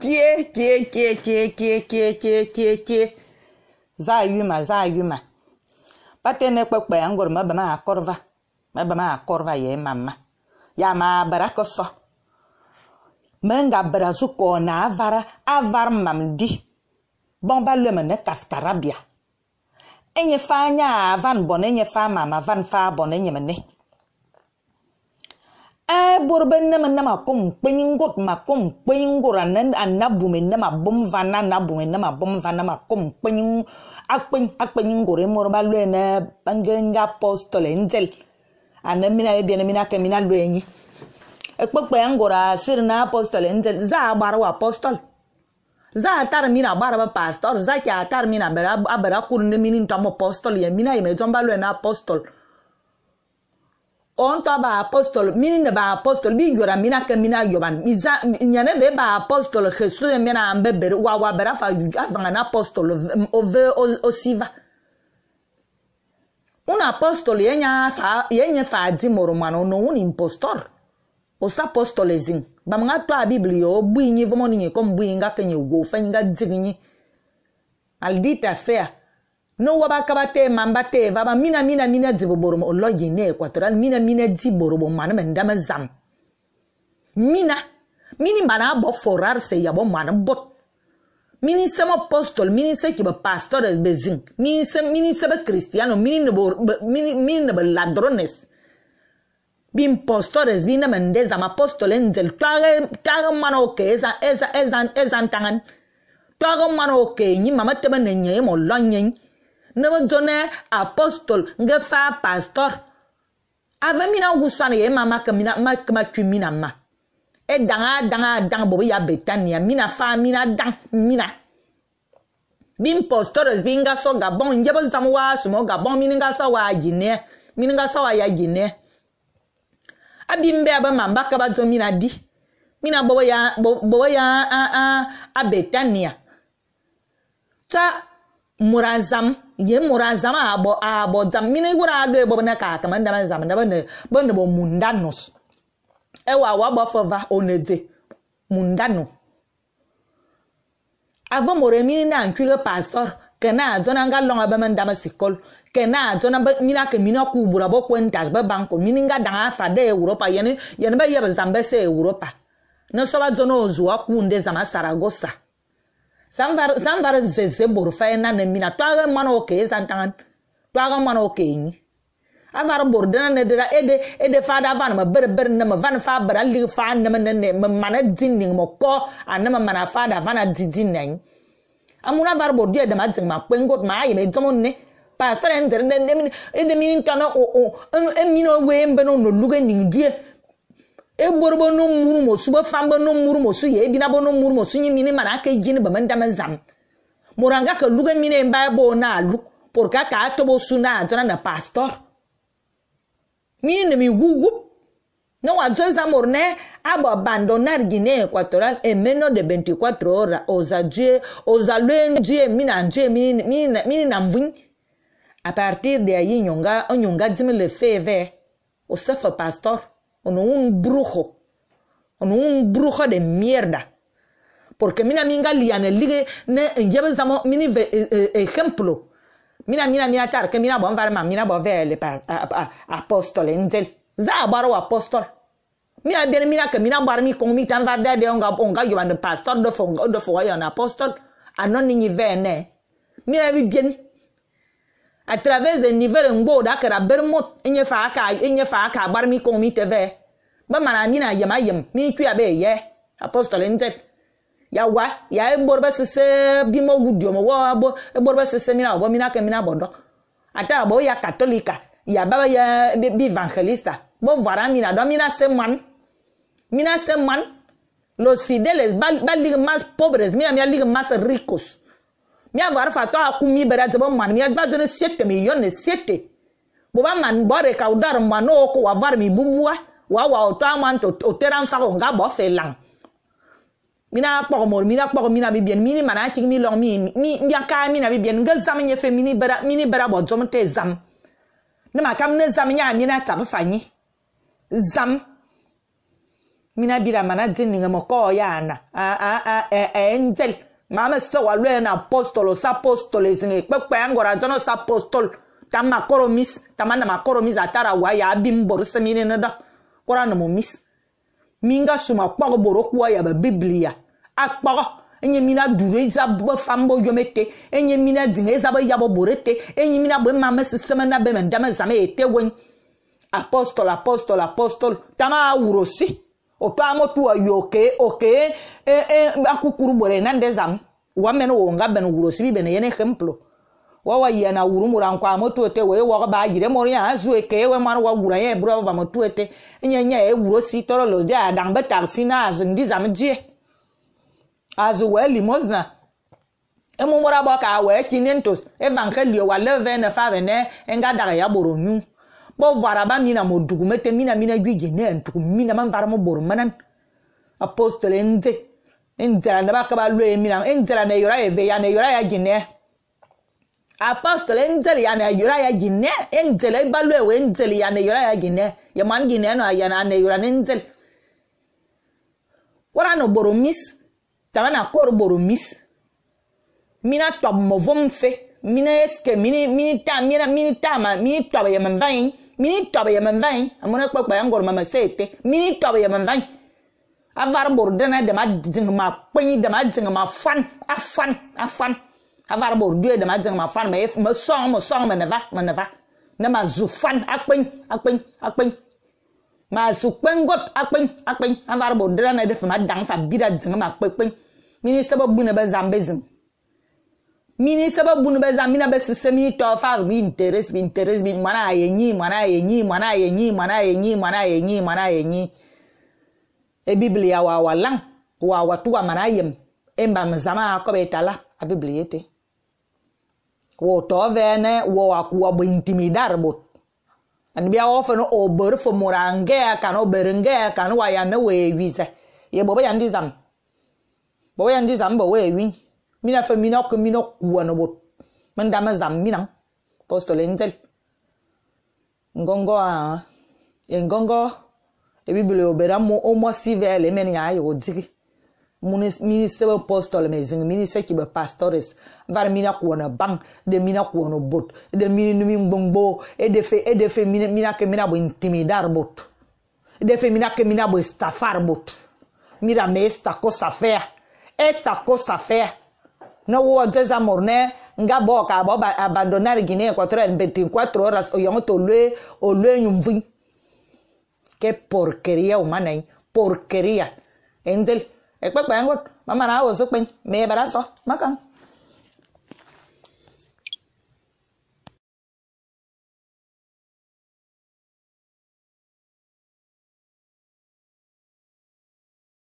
kie kie kie kie kie kie kie kie kie zaa yuma zaa yuma pate ne kpekpe ya ngoro maba ma akorva maba ma akorva ye mama ya ma bara koso menga bara zuko na avara avar mamdi bomba lema ne kaskarabia enye fa nya avan bon enye fa mama van fa bon enye mene a bori bi nami nama kom kpenyingur ma kom kpenyingur anabumi nama bum va na anabumi nama bum va nama kom kpenyin akpenyingur emori ba lɔɛ na bangenga apostol nzel ana mina ye biɛni mina kɛ mina lɔɛ nyi ekpekpe angora siri na apostol nzel zaa gbara wa apostol zaa tari mina gbara ba pastor zaa kɛ a tari mina abɛra abɛra kuri ni mini tɔm apostol yɛ mina yɛ mɛ jɔn ba lɔɛ na apostol on ba apostol mini ne ba apostol bi yora mina ka mina yoban miza nyane ve ba apostol jesus ne mina ambe bere wa wa bere fa juju avanga na apostol ove osiva un apostol yenya fa yenye fa di moromano no un impostor os apostolesing ba mga to a biblia o bu yin vomo ni ko mbu yin ga kenye wo fa yin ga dignyi aldita sea nowa bakabatema mbateva ba mina mina mina dzibo boromo lo yene equatoral mina mina di borobo mana mendama zam mina mini mana bo forarse yabo mana bot mini se mo apostol mini se ki ba pastor be zin mini se mini se ba cristiano mini ne mini mini ne ba ladrones bin pastores bin mendeza ma apostol enzel tare tare mana oke eza eza eza eza tangan tare mana oke nyi mama tebe ne nye mo lo ne be dzone apostol nge fa pastor ave mina wusane ye mama ke mina ma ke ma tui mina ma e danga danga danga bo ya betania mina fa mina dang mina bin pastores bin ga so gabon nje bo zamu wa so mo gabon mina ga so wa jine mina ga so wa ya jine abimbe aba mamba ka ba dzo mina di mina bo ya bo ya a a a betania ta murazam ye murazam abo abo a bo zam mine gura do e bo na ka ka manda man zam na bane bane bo mundanos e wa wa bo fova onede mundano avo more mini na ntwige pastor ke na adzo na nga longa be manda ma sikol ke na adzo na mina ke mina ku bura bo kwenta be banko mini nga danga afa de europa yene yene be ye be zam europa ne so ba dzo no ozu akwu nde zam saragosa zan vari zeze bori fai na ne mina twage mwana o ke zan tangan twage mwana o ke ni a vari bori dana ne dira ede ede fa da van ma ber ber ne ma van fa ber ali fa ne ma ne ma mana din ni mo ko a ne ma mana fa da van a di din ne amuna vari bori dia e da ma zing ma kwengo ma ayi me domo ne pa tore ndere ne ne ne mini tana o o en mino we mbeno no luge ning die egboro bo no muru mo su bo fam bo no muru mo su ye e bina bo no muru mo su nyi mini mana ka jini ba man daman zam moranga ka luga mine mba bo na lu porka ka to bo su na jona na pastor mini ne mi gugu no wa joza morne abo abandonar Guinea Equatorial en menos de 24 horas ozajue ozalwen jue mina jue mini mini mini na mvin a partir de ayi nyonga onyonga dimi feve o sefa pastor ono un brujo, ono un brujo de mierda. Porque mira, minga liane ligue, ne estamos mini eh, eh, ejemplo. Mira, mira, mira, tar, que mira, bon varma, mira, bon vele, apóstol, enzel. Za baro apóstol. Mira, bien, mira, que mira, barmi, con mi tan varda de onga, onga, yo pastor, de fonga, de fonga, yo apóstol. Anon ni vene. Mira, bien. a travers de nivel ngbo da kara bermo enye fa aka enye fa aka agbar mi kon mi teve ba mara mi na yem ayem mi twi abe ye apostle nte ya wa ya e borba sese bi mo gudio mo wa bo e borba sese mi na obo mi na ke mi na bodo ata bo ya katolika ya baba ya bi evangelista bo vara mi na do mi na se man mi na se man los fideles ba ba lig más pobres mira mi lig más ricos mia fa fatɔ a kumi bɛrɛ ti bɛ mɔni mia gba mi yɔn ne sete bó bá mɔni ka o dari ko wa vari mi bubua wa wa o tɔ to o tera n nga bɔ fɛ lan mina kpɔgɔ mori mina kpɔgɔ mina bi biɛni mini mana tigi mi lɔn mi mi mia kaa mina bi biɛni nga zam nyɛ fɛ mini mini bɛrɛ bɔ zɔm tɛ zam ne ma kam ne zam nyɛ mina tabi fa nyi zam mina bira mana di niŋɛ mɔ kɔɔ yaa na a a a ɛ ɛ n Mama sɛ wa lɔɛ na apostol sa apostol zini kpekpe angɔra zɔnɔ sa apostol tama kɔrɔ mis tama nama kɔrɔ mis atara wa ya abi n bɔrɔ sɛmi ne ne da kɔrɔ namo mis mi ka suma kpɔgɔ bɔrɔ kuwa yaba biblia a kpɔgɔ enye mina duro eza bɔ fam bɔ yɔm ete enye mina diŋe eza yabɔ bɔrɔ ete enye mina bɔ maame sisɛmɛ na bɛ mɛ dame zame wɔnyi apostol apostol apostol tama awuro si otwa amotu ayoke oke e e akukuru bore na ndezam wamen wo ngaben wuro sibi bene yene ejemplo wawa yena wuru mura nkwa motu ete we wo ba yire mori ya zu eke we mara wa wura ye bro ba motu ete enye nye e wuro si toro lo dia dan betak sina az ndizam die azu we limosna emu ba ka we chinintos evangelio wa 11 5 ne e, nga daga ya boro bo varaba mina mo dugume te mina mina gwige ne ntuku mina man vara mo boru manan apostole nze nzela ne ba ka ba lue mina nzela ne yora eve ya ne yora ya gine apostole nzela ya ne yora ya gine nzela ba lue we nzela ya ne yora ya gine ya man gine no ya na ne yora ne wara no boru mis tama na kor boru mis mina tob mo vom fe mina eske mini mini ta mina mini ta ma mini tob ya man vain mini tɔb yememvaẽ amona kpakpa ya ngɔrɔ mama seete mini tɔb yememvaẽ avar bor dẽna dama zĩŋ ma kpẽi dama zĩŋ ma fan a fan a fan avar bor doe dama zĩŋ ma fan ma sõŋ ma sõŋ ma ne va ma ne va ne ma zu fan a kpẽi a kpẽi a kpẽi ma su kpẽi got a kpẽi a kpẽi avar bor dẽna ne de fama dãng fa bira zĩŋ ma kpekpẽi mini sɛba bune ba zãmbe zĩŋ mini sababu nu bɛ mina bɛ sise mini tɔ fa bin teres bin teres mana a ye nyi mana a ye nyi mana a e mana a e mana a e mana a e biblia wa wa lan wa wa tuwa mana yem e mzama ko be a biblia te wo tɔ vɛɛnɛ wo wa kuwa bo intimidar bot ani bia wo fe o bori fo morangɛɛ kan o berengɛɛ kan wa ya ne wo ye ye bo bɛ yan di bo bɛ yan bo wo wi mina fa mina ke mina kuwa no bot man dama zam mina posto lenzel ngongo a e ngongo ebibile obera mo omo civil emeni ayo odigi minister apostol mezing minister kibe pastores var mina kuwa na bang de mina kuwa no bot de mini numi ngbongbo edefe edefe mina mina ke mina bo intimidar bot e fe mina ke mina bo estafar bot mira me esta cosa fea esta cosa fea no wo jeza morne nga bo ka bo abandonar guinée ecuatorial en 24 horas oyon to lue olue nyumvi qué porquería humana en porquería enzel ekpekpe ngot mama na wo so pen me bara